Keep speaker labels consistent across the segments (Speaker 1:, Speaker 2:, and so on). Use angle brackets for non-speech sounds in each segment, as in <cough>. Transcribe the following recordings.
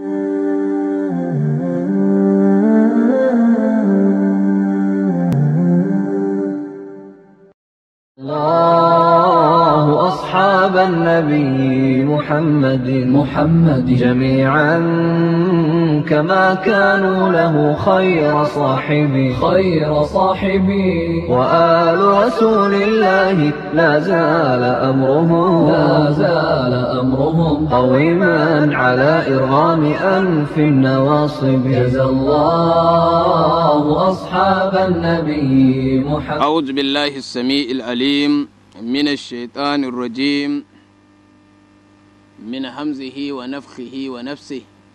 Speaker 1: الله أصحاب النبي محمد محمد جميعا كما كانوا له خير صاحبي خير صاحبي وآل رسول الله لا زال أمرهم لا زال أمرهم قويما على إرغام أنف النواصب جزى الله أصحاب النبي محمد
Speaker 2: أعوذ بالله السميع العليم من الشيطان الرجيم من همزه ونفخه ونفسه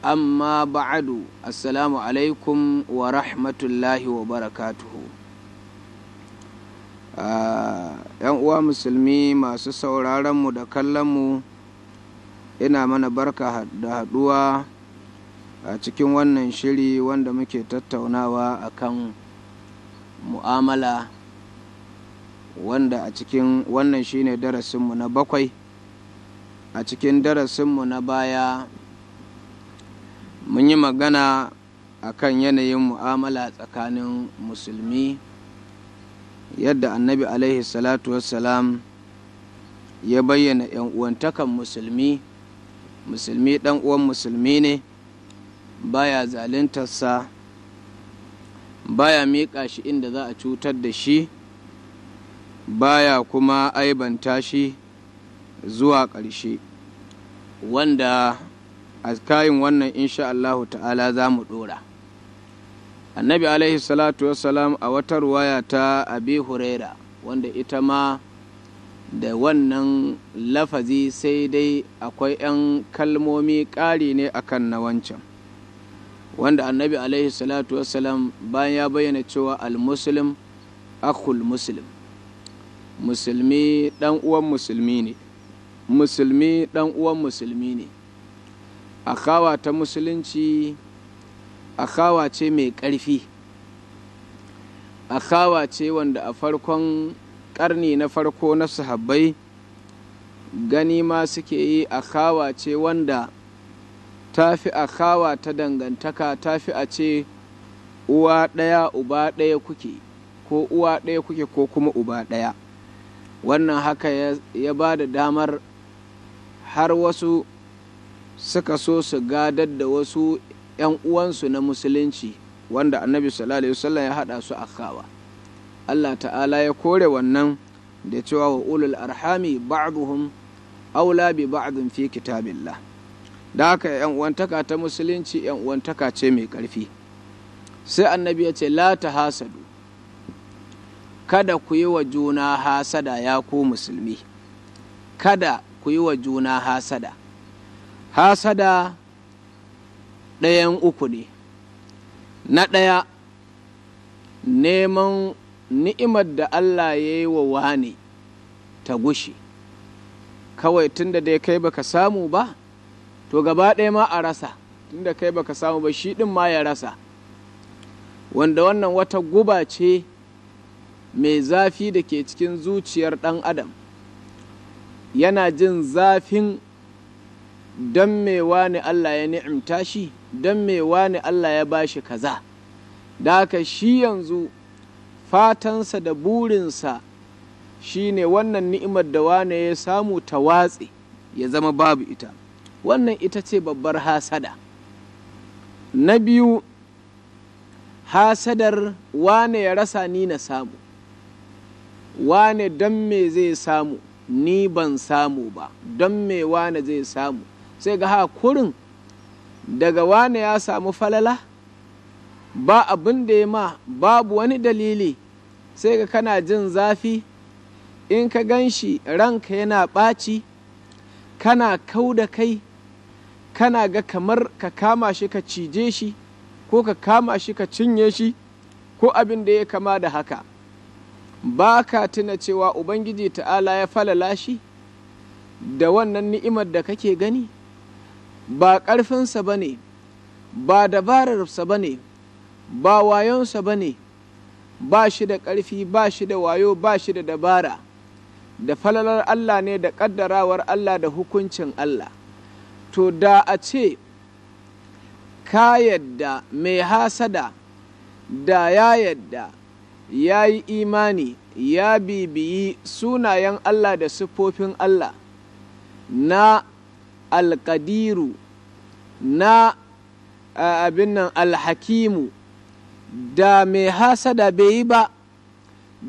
Speaker 2: amma ba'adu assalamu alaikum wa rahmatullahi wa barakatuhu ah, yan uwa musulmi masu sauraronmu da kallonmu ina mana barka da haɗuwa a cikin wannan shiri wanda muke tattaunawa akan mu'amala wanda a cikin wannan shine darasinmu na bakwai a cikin darasinmu na baya mun yi magana akan yanayin mu'amala tsakanin musulmi yadda annabi alaihi salatu wassalam ya bayyana 'yan uwantakan musulmi musulmi ɗan uwan musulmi ne baya ba baya miƙa shi inda za a cutar da shi baya kuma aibanta shi zuwa ƙarshe wanda a kayin wannan insha Allahu ta'ala za mu ɗora annabi alaihi salatu wassalam a wata ruwaya ta abi huraira wanda ita ma da wannan lafazi sai dai akwai 'yan kalmomi ƙari ne akan na wancan wanda annabi alaihi salatu wassalam bayan ya bayyana cewa almuslim akul muslim musulmi dan musulmi ne musulmi dan uwan musulmi ne akawa ta musulunci akawa ce mai ƙarfi akawa ce wanda a farkon ƙarni na farko na sahabbai gani ma suke yi akawa ce wanda ta fi akawa ta dangantaka ta fi a ce uwa ɗaya uba ɗaya kuke ko uwa ɗaya kuke ko kuma uba ɗaya wannan haka ya ba da damar har wasu suka so su gadar da wasu 'yan uwansu na musulunci wanda annabi sallallahu alaihi ya haɗa su a kawa allah ta'ala ya kore wannan da cewa wa ulul arhami ba'duhum aula bi ba'dun fi kitabillah da haka 'yan uwantaka ta musulunci 'yan uwantaka ce mai ƙarfi sai annabi ya ce la ta hasadu kada ku yi wa juna hasada ya ku musulmi kada ku yi wa juna hasada hasada ɗayan uku ne na ɗaya neman ni'imar da Allah ya yi wa wani ta gushi kawai tunda dai kai baka samu ba to gaba ɗaya ma a rasa tunda kai baka samu ba shi ɗin ma ya rasa wanda wannan wata guba ce mai zafi da ke cikin zuciyar ɗan adam yana jin zafin don me wani Allah ya ni'imta shi don me wani Allah ya bashi kaza da haka shi yanzu fatansa da burinsa ne wannan ni'imar da wane ya samu ta watse ya zama babu ita wannan ita ce babbar hasada na biyu hasadar wane ya rasa ni na samu wane don me zai samu ni ban samu ba don me wane zai samu sai ga hakurin daga wane ya samu falala ba abin da ya ma babu wani dalili sai ga kana jin zafi in ka gan shi ranka yana ɓaci kana kau da kai kana ga kamar ka kama shi ka cije shi ko ka kama shi ka cinye shi ko abin da ya kama da haka ba ka tuna cewa ubangiji ta'ala ya falala shi da wannan ni'imar da kake gani ba ƙarfinsa ba ne ba dabararsa ba ne ba wayonsa ba ne ba shi da ƙarfi ba shi da wayo ba shi da dabara da falalar Allah ne da ƙaddarawar Allah da hukuncin Allah to da a ce ka yadda mai hasada da ya yadda ya yi imani ya bibiyi sunayen Allah da siffofin Allah na alƙadiru? na abin nan alhakimu da mai hasada bai yi ba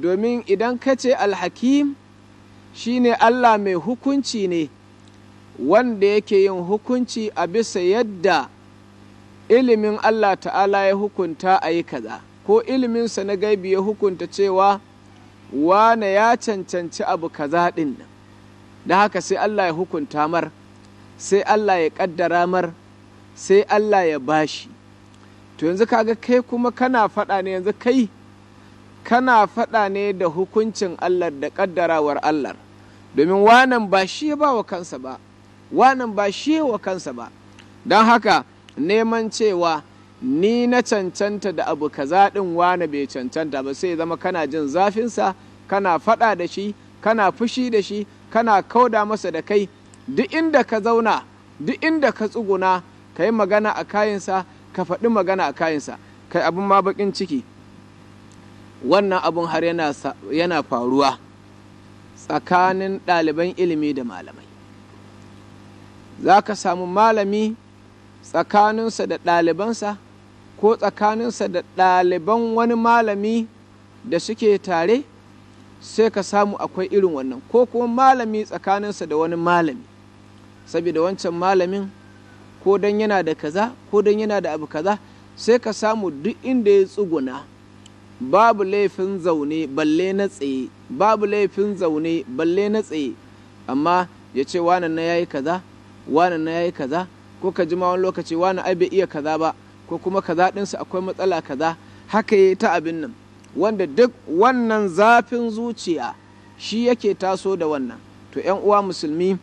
Speaker 2: domin idan ka ce alhakim shine Allah mai hukunci ne wanda yake yin hukunci a bisa yadda ilimin Allah ta'ala ya hukunta a yi kaza ko iliminsa na gaibi ya hukunta cewa wane ya cancanci abu kaza ɗin da haka sai Allah ya hukunta mar sai Allah ya ƙaddara mar sai Allah ya ba shi. to yanzu kaga kai kuma kana faɗa ne yanzu kai kana faɗa ne da hukuncin Allah da ƙaddarawar Allah domin wanan ba shi ba wa kansa ba wanan ba shi wa kansa ba don haka neman cewa ni na cancanta da abu ka zaɗin wane bai cancanta ba sai zama kana jin zafinsa kana faɗa da shi kana fushi da shi kana kauda masa da kai duk inda ka zauna duk inda ka tsuguna ka yi magana a kayansa ka faɗi magana a kayansa kai abin ma baƙin ciki wannan abin har yana faruwa tsakanin ɗaliban ilimi da malamai za ka samu malami tsakaninsa da ɗalibansa ko tsakaninsa da ɗaliban wani malami da suke tare sai ka samu akwai irin wannan ko kuma malami tsakaninsa da wani malami saboda wancan malamin ko dan yana da kaza ko dan yana da abu kaza sai ka samu duk inda ya tsuguna babu laifin zaune balle na tsaye babu laifin zaune balle na tsaye amma ya ce wani na yayi kaza wani na yayi kaza ko ka ji ma wani lokaci wani ai bai iya kaza ba ko kuma kaza ɗinsu akwai matsala kaza haka yi ta abin nan wanda duk wannan zafin zuciya shi yake taso da wannan to 'yan uwa musulmi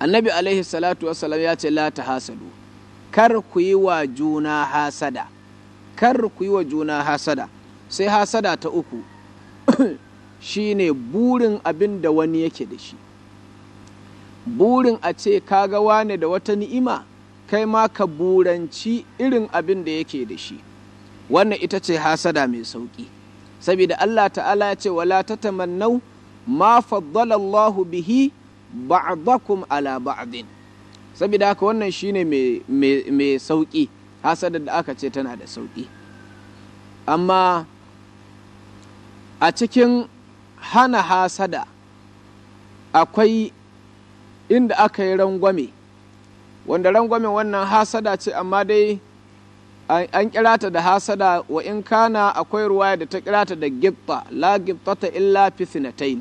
Speaker 2: annabi alaihi salatu wasalam ya ce la ta hasadu kar ku yi wa juna hasada kar ku yi wa juna hasada sai hasada ta uku <coughs> shine burin abin da wani yake da shi burin a ce kaga wane da wata ni'ima kai ma ka buranci irin abin da yake da shi wannan ita ce hasada mai sauƙi saboda allah ta'ala ya ce wala ta tamannau ma faddala bihi ba'dakum ala ba'din saboda haka wannan shine mai sauƙi Hasada da aka ce tana da sauƙi amma a cikin hana hasada akwai inda aka yi rangwame wanda rangwame wannan hasada ce amma dai an kirata da hasada wa in kana akwai ruwaya da ta kirata da gibba. la gittata illa fi sinatain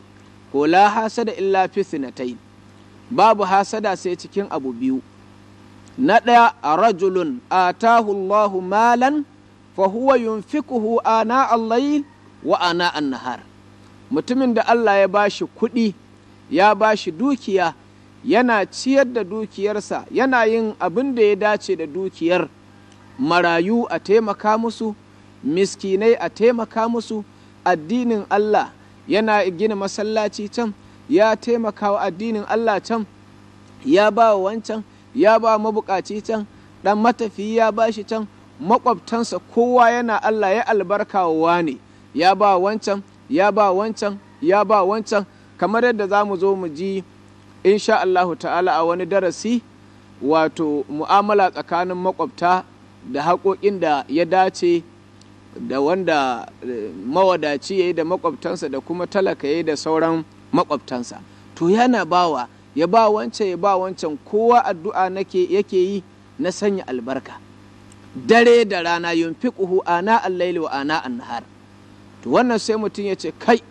Speaker 2: ko la hasada illa fi sinatain babu hasada sai cikin abu biyu na ɗaya a rajulun atahu Allahu malan fa huwa yunfikuhu ana allayi wa ana annahar mutumin da Allah ya bashi kuɗi ya bashi dukiya yana ciyar da dukiyarsa yana yin abin da ya dace da dukiyar marayu a taimaka musu miskinai a taimaka musu addinin Allah yana gina masallaci can ya taimaka wa addinin Allah can ya ba wa wancan ya ba mabukaci can dan matafi ya ba shi can makwabtansa kowa yana Allah ya albarka wa ne ya ba wancan ya ba wancan ya ba wancan kamar yadda za mu zo mu ji insha Allahu ta'ala a wani darasi wato mu'amala tsakanin makwabta da haƙoƙin da ya dace da wanda eh, mawadaci ya yi da makwabtansa da kuma talaka ya yi da sauran makwabtansa to yana bawa ya ba wancan ya ba wancan kowa addu'a nake yake yi na sanya albarka dare da rana yunfiquhu ana al wa ana an to wannan sai mutum ya ce kai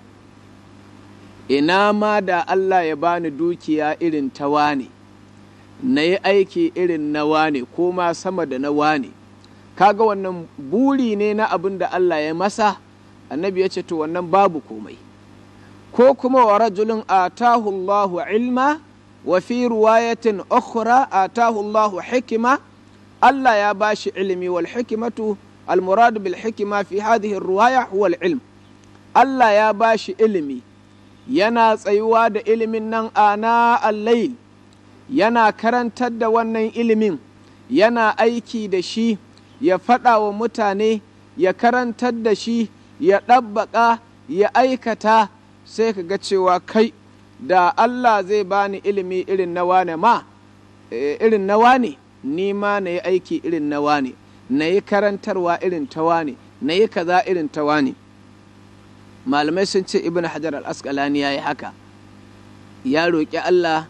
Speaker 2: ina ma da Allah ya bani dukiya irin ta wane na yi aiki irin na wane ko ma sama da na wane kaga wannan buri ne na abin da Allah ya masa annabi ya ce to wannan babu komai ko kuma wa rajulun atahu Allahu ilma wa fi ruwayatin ukhra atahu Allahu hikima Allah ya bashi ilimi wal hikimatu al murad bil hikima fi hadhihi ruwaya huwa al ilm Allah ya bashi ilimi yana tsayuwa da ilimin nan ana al-layl yana karantar da wannan ilimin yana aiki da shi ya faɗa wa mutane ya karantar da shi ya ɗabbaƙa ya aikata sai ka ga cewa kai da Allah zai bani ilimi irin na wane ma eh, irin na wane ni ma na yi aiki irin na wane na yi karantarwa irin ta wane na yi kaza irin ta wane malamai sun ce ibn hajar al-asqalani ya yi haka ya roƙi Allah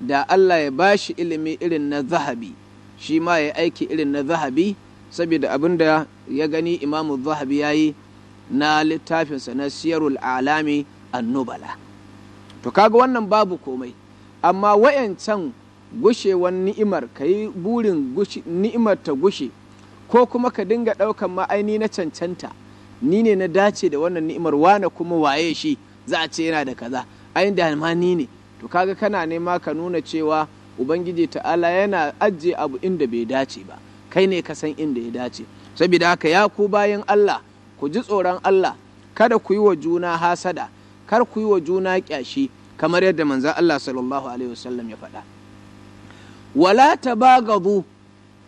Speaker 2: da Allah ya bashi ilimi irin na zahabi shi ma ya aiki irin na zahabi saboda abin da ya gani imamu zahabi ya yi na littafinsa na siyarul alami annubala to kaga wannan babu komai amma wayancan gushewan ni'imar ka yi burin ni'imar ta gushe ko kuma ka dinga ɗaukan ma'aini na cancanta ni ne na dace da wannan ni'imar wane kuma waye shi za a ce yana da kaza ayin da ma ni ne to kaga kana nema ka nuna cewa ubangiji ta'ala yana ajiye abu inda bai dace ba kai ne ka san inda ya dace saboda haka ya ku bayan Allah ku ji tsoron Allah kada ku yi wa juna hasada kar ku yi wa juna kyashi kamar yadda manzo Allah sallallahu alaihi wasallam ya faɗa wala tabagadu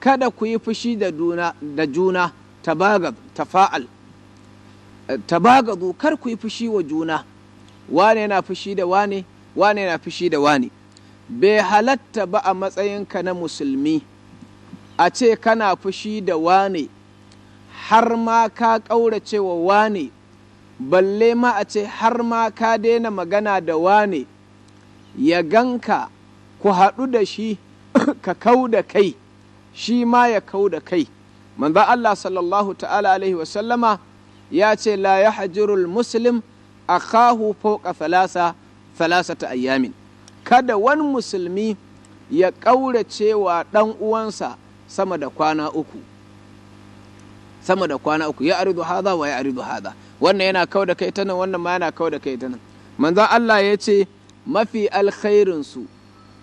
Speaker 2: kada ku yi fushi da juna da juna tabagad tafa'al eh, tabagadu kar ku yi fushi wa juna wane yana fushi da wane wane yana fushi da wane bai halatta ba a matsayinka na musulmi a ce kana fushi da wane har ma ka ƙaurace wa wane balle ma a ce har ma ka daina magana da wane ya ganka ku haɗu da shi <coughs> ka kau da kai shi ma ya kau da kai manzan Allah sallallahu ta'ala alaihi wasallama ya ce la ya muslim a kahu fauka falasa falasa ta ayyamin kada wani musulmi ya ƙaurace wa ɗan uwansa sama da kwana uku sama da kwana uku ya aridu haza wa ya aridu haza wannan yana kawo da kai ta nan wannan ma yana kawo da kai ta nan manzan Allah ya ce mafi alkhairinsu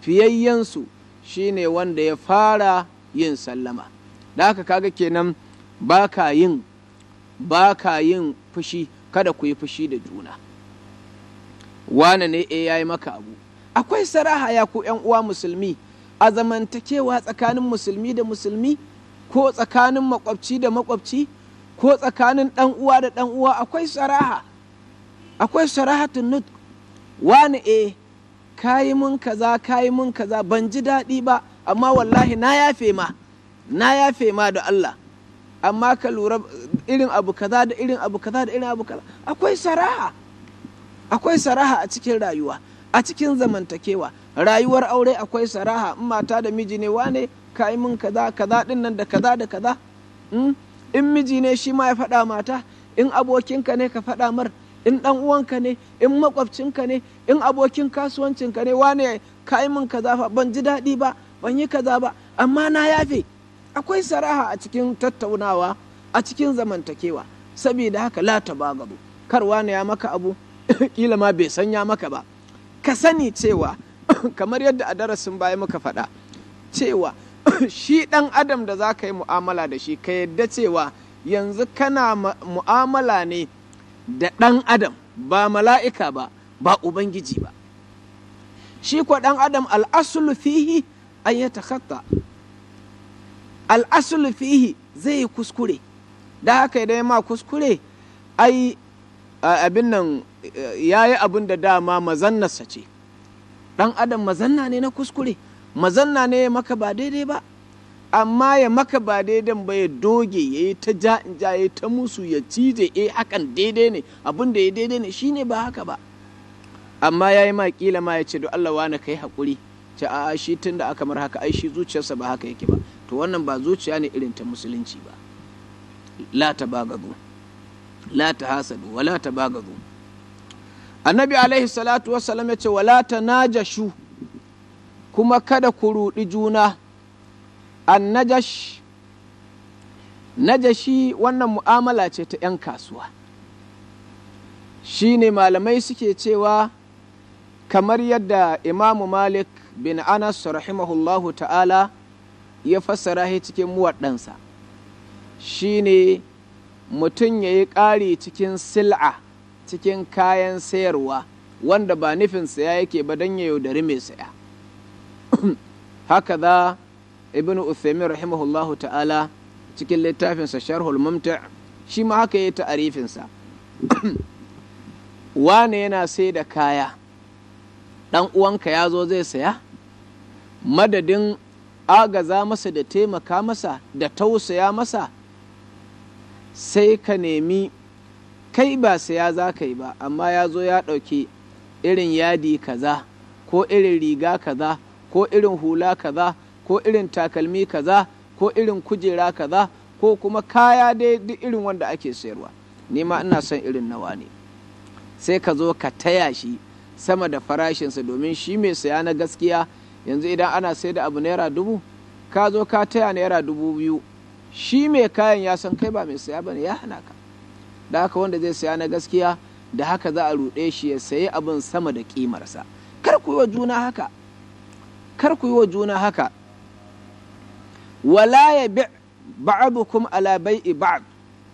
Speaker 2: fiyayyensu shine wanda ya fara yin sallama da haka kaga kenan ba yin ba yin fushi kada ku yi fushi da juna wane ne e eh, yayi maka abu akwai saraha ya ku yan uwa musulmi a zamantakewa tsakanin musulmi da musulmi ko tsakanin makwabci da makwabci ko tsakanin ɗan uwa da ɗan uwa akwai saraha akwai sarahatun nut wani e eh, kayi mun kaza kayi mun kaza ban ji daɗi ba amma wallahi na yafe ma na yafe ma da Allah amma ka lura irin abu kaza da irin abu kaza da irin abu kaza akwai saraha akwai saraha a cikin rayuwa a cikin zamantakewa rayuwar aure akwai saraha in mata da miji ne wane ka yi min kaza kaza din nan da kaza da kaza hmm? in miji ne shi ma ya faɗa mata in abokinka ne ka faɗa mar in ɗan uwanka ne in makwabcinka ne in abokin kasuwancinka ne wane ka yi min kaza fa ban ji daɗi ba ban yi kaza ba amma na yafe akwai saraha a cikin tattaunawa a cikin zamantakewa saboda haka la tabagabu kar wane ya maka abu <laughs> kila ma bai sanya maka ba ka sani cewa <coughs> kamar yadda a darasin baya muka faɗa cewa <coughs> shi ɗan adam da za ka yi mu'amala da shi ka yadda cewa yanzu kana mu'amala ne da ɗan adam ba mala'ika ba ba ubangiji ba shi kwa ɗan adam al'asulu fihi an yi takatta al'asulu fihi zai yi kuskure da haka idan ma kuskure ai abin nan ya yi abin da dama mazannarsa ce ɗan adam mazanna ne na kuskure mazanna ne ya maka ba daidai ba amma ya maka ba daidai ba ya doge ya yi ta ja ya ta musu ya cije eh hakan daidai ne abin da ya daidai ne shine ba haka ba amma ya yi makila ma ya ce don Allah wani kai haƙuri ce a shi tun da aka mar haka ai zuciyarsa ba haka yake ba to wannan ba zuciya ne irin ta musulunci ba la ta zo, la ta hasadu wa la ta annabi alaihi salatu wasalam ya ce wala najashu kuma kada ku ruɗi juna na najashi wannan mu'amala ce ta 'yan kasuwa shi ne malamai suke cewa kamar yadda imamu malik bin anas rahimahullahu ta'ala ya fassara shi cikin muwaɗansa shi ne mutum ya yi ƙari cikin sil'a cikin kayan sayarwa wanda ba nufin saya yake ba don ya yaudari mai saya <clears throat> haka za ibn uthaymin rahimahullahu ta'ala cikin littafinsa sharhul mumta shi ma haka ya ta'arifinsa
Speaker 1: <clears throat>
Speaker 2: wane yana sai da kaya ɗan uwanka ya zo zai saya madadin agaza masa da taimaka masa da tausaya masa sai ka nemi kai ba saya za ka yi ba amma ya zo ya ɗauki irin yadi kaza ko irin riga kaza ko irin hula kaza ko irin takalmi kaza ko irin kujera kaza ko kuma kaya dai duk irin wanda ake sayarwa ni ma ina son irin nawa ne sai ka zo ka taya shi sama da farashinsa domin shi mai saya na gaskiya yanzu idan ana sai da abu naira dubu ka zo ka taya naira dubu biyu shi mai kayan ya san kai ba mai saya ba ne ya hana ka da haka wanda zai saya na gaskiya da haka za a ruɗe shi ya sayi abin sama da ƙimarsa kar ku yi wa juna haka kar ku yi wa juna haka wala ya bi ba'dukum ala bai'i ba'd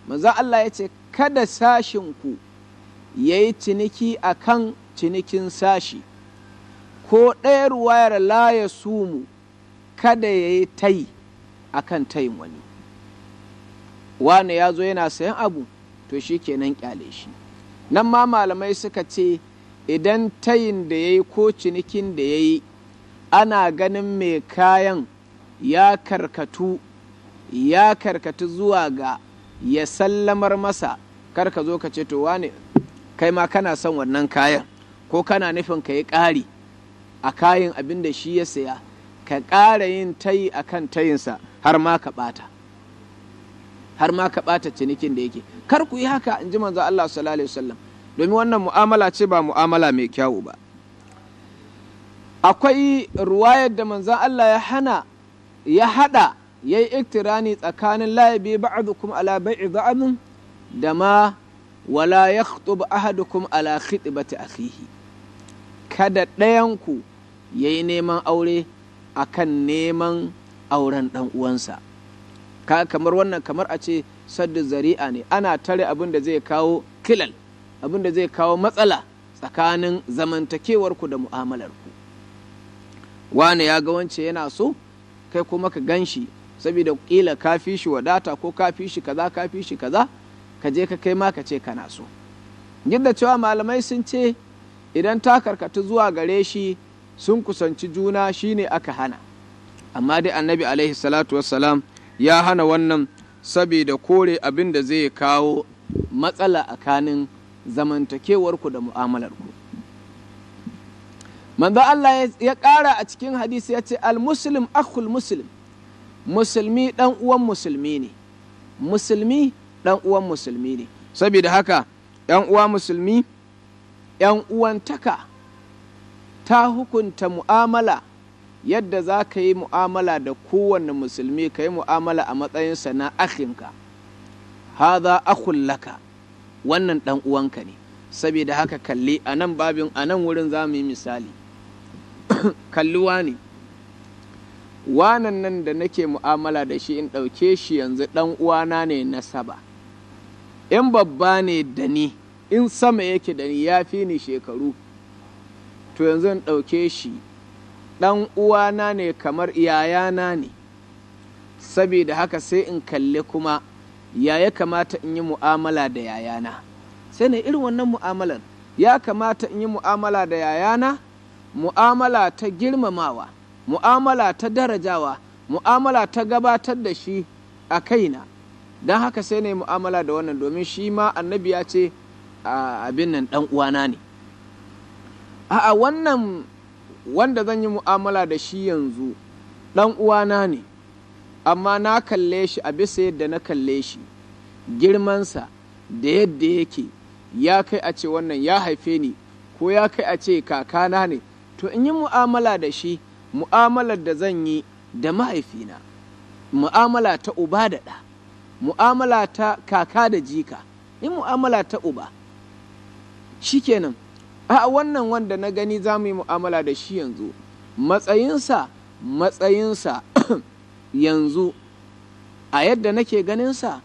Speaker 2: manzo Allah ya ce kada sashin ku yayi ciniki akan cinikin sashi ko ɗaya ruwayar la ya sumu kada yayi tai akan tayin wani wani ya zo yana sayan abu to shi kenan kyale shi nan ma malamai suka ce idan tayin da ya yi ko cinikin da ya yi ana ganin mai kayan ya karkatu ya karkatu zuwa ga ya sallamar masa karka zo ka ce to wane kai ma kana son wannan kayan ko kana nufin ka yi ƙari a kayan abin da shi ya saya ka ƙara yin tayi akan kan tayinsa har ma ka ɓata har ma ka ɓata cinikin da yake kar ku yi haka in ji manzo Allah sallallahu alaihi wasallam domin wannan mu'amala ce ba mu'amala mai kyawu ba akwai ruwayar da manzo Allah ya hana ya hada ya iktirani tsakanin laibi ba'dukum ala bai'i da ma wala yakhtub ahadukum ala khitbati akhihi kada ɗayanku ya yi neman aure akan neman auren ɗan uwansa ka kamar wannan kamar a ce saddu zari'a ne ana tare abin da zai kawo kilal abin da zai kawo matsala tsakanin zamantakewarku da mu'amalarku wane ya ga wance yana so kai kuma ka gan shi saboda kila ka fi shi wadata ko ka fi shi kaza ka fi shi kaza ka je ka kai ma ka ce kana so duk cewa malamai sun ce idan ta karkatu zuwa gare shi sun kusanci juna shine aka hana amma dai annabi alaihi salatu wassalam ya hana wannan saboda kore abin da zai kawo matsala a kanin zamantakewarku da mu'amalarku manzo Allah ya ƙara a cikin hadisi ya ce al-muslim akhul muslim musulmi dan uwan musulmi ne musulmi dan uwan musulmi ne saboda haka yan uwa musulmi yan uwantaka ta hukunta mu'amala yadda za ka yi mu'amala da kowane musulmi ka yi mu'amala a matsayinsa na akhinka haza akhun laka wannan dan uwanka ne saboda haka kalli a nan babin a nan wurin za mu yi misali <coughs> kalluwa ne wanan nan da nake mu'amala da shi in ɗauke shi yanzu ɗan uwana ne na saba in babba ne da ni in sama yake da ni ya fi ni shekaru to yanzu in ɗauke shi ɗan uwana ne kamar yayana ne saboda haka sai in kalle kuma ya ya kamata in yi mu'amala da yayana sai ne irin wannan mu'amalar ya kamata in yi mu'amala da yayana mu'amala ta girmamawa mu'amala ta darajawa mu'amala ta gabatar da shi a kaina don haka sai ne mu'amala da wannan domin shi ma annabi ya ce abin nan ɗan uwana ne a'a wannan wanda zan yi mu'amala da shi yanzu ɗan uwana ne amma na kalle shi a bisa yadda na kalle shi girmansa da yadda yake ya kai a ce wannan ya haife ni ko ya kai a ce kakana ne to in yi mu'amala da shi mu'amalar da zan yi da mahaifina mu'amala ta uba da ɗa mu'amala ta kaka da jika in mu'amala ta uba shi shikenan a wannan wanda na gani za mu yi mu'amala da shi yanzu matsayinsa matsayinsa <clears throat> yanzu a yadda nake ganinsa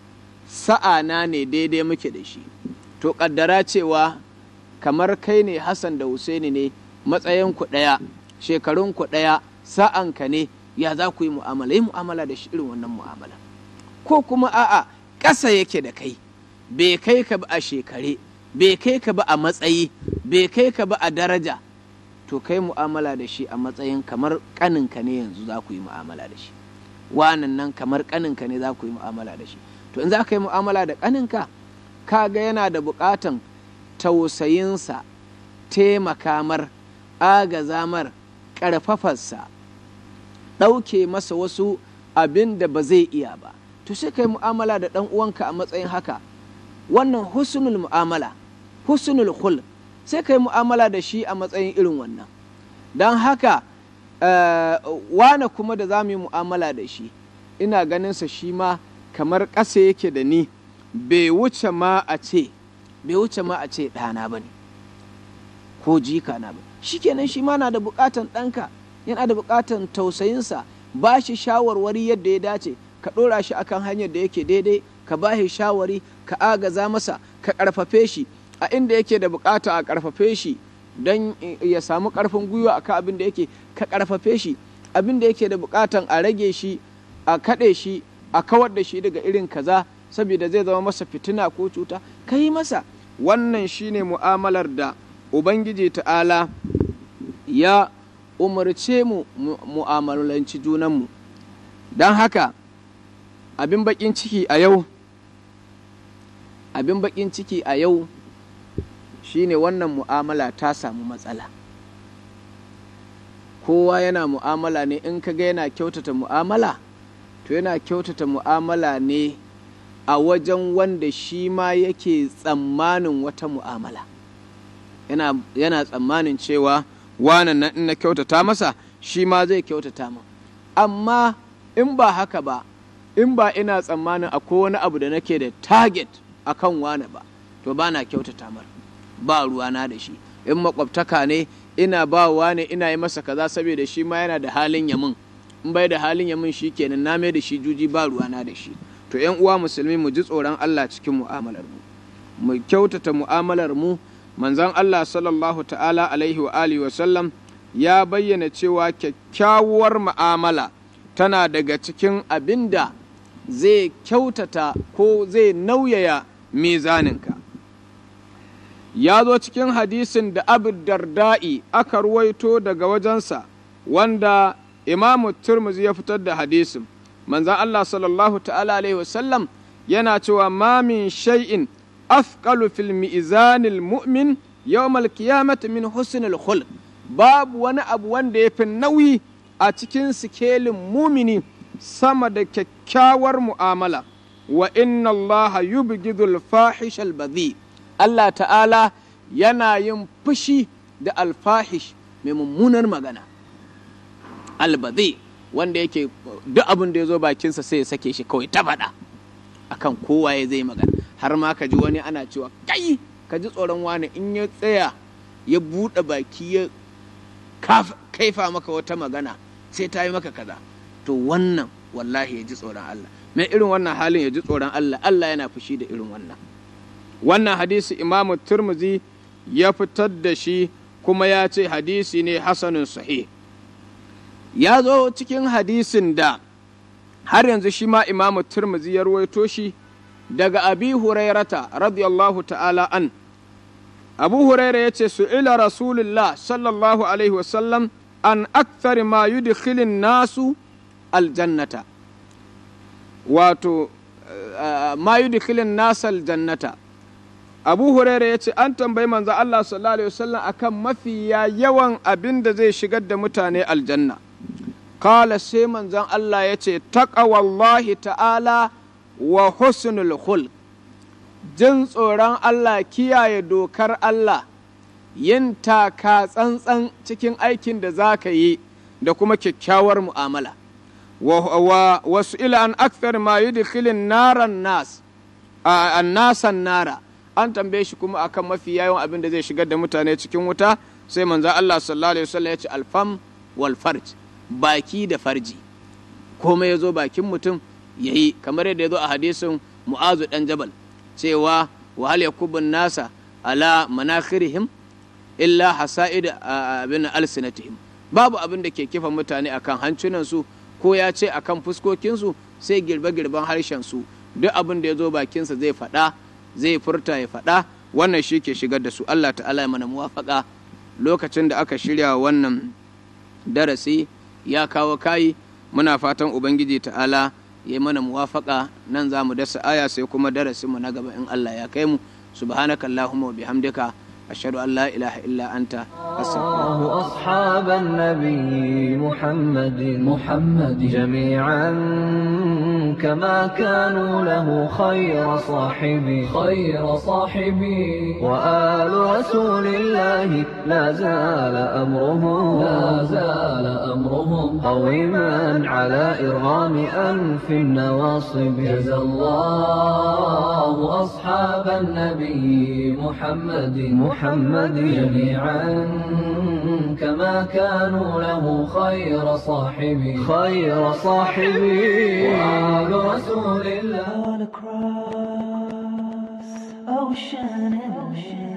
Speaker 2: sa'a na ne daidai muke da shi to ƙaddara cewa kamar kai ne hassan da husaini ne matsayinku ɗaya shekarunku ɗaya sa'anka ne ya za ku yi mu'amala yi mu'amala da shi irin wannan mu'amala ko kuma a'a ƙasa yake da kai bai kai ka ba a shekare bai kai ka ba a matsayi bai kai ka ba a daraja to kai mu'amala da shi a matsayin kamar kaninka ne yanzu za ku yi mu'amala da shi wanan nan kamar kaninka ne za ku yi mu'amala da shi to in za ka yi mu'amala da kaninka ka ga yana da buƙatan tausayinsa taimakamar agazamar ƙarfafarsa ɗauke masa wasu abin da ba zai iya ba to sai ka mu'amala da ɗan uwanka a matsayin haka wannan husnul mu'amala husnul khul sai kai mu'amala da shi a matsayin irin wannan don haka eh, wane kuma da za mu yi mu'amala da shi ina ganinsa shi ma kamar ƙasa yake da ni bai wuce ma a ce bai wuce ma a ce ɗana ba ne ko jika na ba shi kenan shi ma na da buƙatan ɗanka yana da buƙatan tausayinsa ba shi shawarwari yadda ya dace ka ɗora shi akan hanyar da yake daidai ka ba shi shawari ka agaza masa ka ƙarfafe shi a inda yake da bukata a karfafe shi don ya samu karfin gwiwa a abin da yake ka karfafe shi abin da yake da bukatan a rage shi a kaɗe shi a kawar da shi daga irin kaza saboda zai zama masa fitina ko cuta ka yi masa wannan shine mu'amalar da ubangiji ta'ala ya umarce mu mu'amalanci junanmu don haka abin bakin ciki a yau abin bakin ciki a yau shine wannan mu'amala ta samu matsala kowa yana mu'amala ne in kaga yana kyautata mu'amala to yana kyautata mu'amala ne a wajen wanda shi ma yake tsammanin wata mu'amala yana, tsammanin cewa wanan nan in na kyautata masa shi ma zai kyautata min amma in ba haka ba in ba ina tsammanin a wani abu da nake da target akan wane ba to ba na kyautata mar ba ruwana da shi in makwabtaka ne ina ba wa ne ina yi masa kaza saboda shi ma yana da halin yamin in bai da halin yamin shi kenan na mai da shi juji ba ruwana da shi to yan uwa musulmi mu ji tsoron Allah cikin mu'amalar mu mu kyautata mu'amalar mu manzon Allah sallallahu ta'ala alaihi wa alihi wa sallam ya bayyana cewa kyakkyawar mu'amala tana daga cikin abinda zai kyautata ko zai nauyaya mizaninka ya zo cikin hadisin da abu darda'i aka ruwaito daga wajensa wanda imamu turmuzi ya fitar da hadisin manzan Allah sallallahu ta'ala alaihi wasallam yana cewa mamin min shay'in afqalu fil mi'zanil mu'min yawmal qiyamati min husnil khulq babu wani abu wanda yafi nauyi a cikin sikelin mumini sama da kyakkyawar mu'amala wa inna Allah yubghidul fahishal badhi' Allah ta'ala yana yin fushi da alfahish mai mummunar magana albazi wanda yake duk abin da ya zo bakinsa sai ya sake shi kawai ta faɗa kan kowa ya zai magana har ma ka ji wani ana cewa kai ka ji tsoron wani in ya tsaya ya buɗe baki ya kaifa maka wata magana sai ta yi maka kaza to wannan wallahi ya ji tsoron Allah mai irin wannan halin ya ji tsoron Allah Allah yana fushi da irin wannan wannan hadisi imamu turmuzi ya fitar da shi kuma ya ce hadisi ne hasanun sahih ya zo cikin hadisin da har yanzu shi ma imamu turmuzi ya ruwaito shi daga abi hurairata radiyallahu ta'ala an abu huraira ya ce su'ila rasulullah sallallahu alaihi wasallam an akthar ma yudkhilin nasu aljannata wato eh, ma nasu aljannata abu huraira ya ce an tambayi manzo Allah sallallahu alaihi wasallam akan mafi yawan abin da zai shigar da mutane aljanna kala sai manzon Allah ya ce taqawallahi ta'ala wa husnul khulq jin tsoron Allah kiyaye dokar Allah yin taka tsantsan cikin aikin da za ka yi da kuma kyakkyawar mu'amala wasu ila an akthar ma yudkhilun naran nas an nasan nara an tambaye shi kuma akan mafi yawan abin da zai shigar da mutane cikin wuta sai manzo Allah sallallahu alaihi wasallam ya ce alfam wal farj baki da farji komai ya zo bakin mutum yayi kamar yadda ya zo a hadisin mu'azu dan jabal cewa wa hal yakubun nasa ala manakhirihim illa hasa'id abin alsinatihim babu abin da ke kifa mutane akan hancinansu ko ya ce akan fuskokinsu sai girbe-girben su duk abin da ya zo bakinsa zai faɗa zai furta ya faɗa wannan shi ke shigar da su Allah ta'ala mana muwafaƙa lokacin da aka shirya wannan darasi ya kawo kayi muna fatan ubangiji ta'ala ya yi mana muwafaƙa nan za mu dasa aya sai kuma darasinmu na gaba in Allah ya kai mu subhanakallahumma wa bihamdika أشهد أن لا إله
Speaker 1: إلا أنت الله أصحاب النبي محمد محمد جميعا كما كانوا له خير صاحبي خير صاحبي وآل رسول الله لا زال أمرهم لا زال أمرهم قويما على إرغام أنف النواصب جزى الله أصحاب النبي محمد محمد محمد جميعا كما كانوا له خير صاحبي خير صاحبي وآل رسول الله across ocean oh,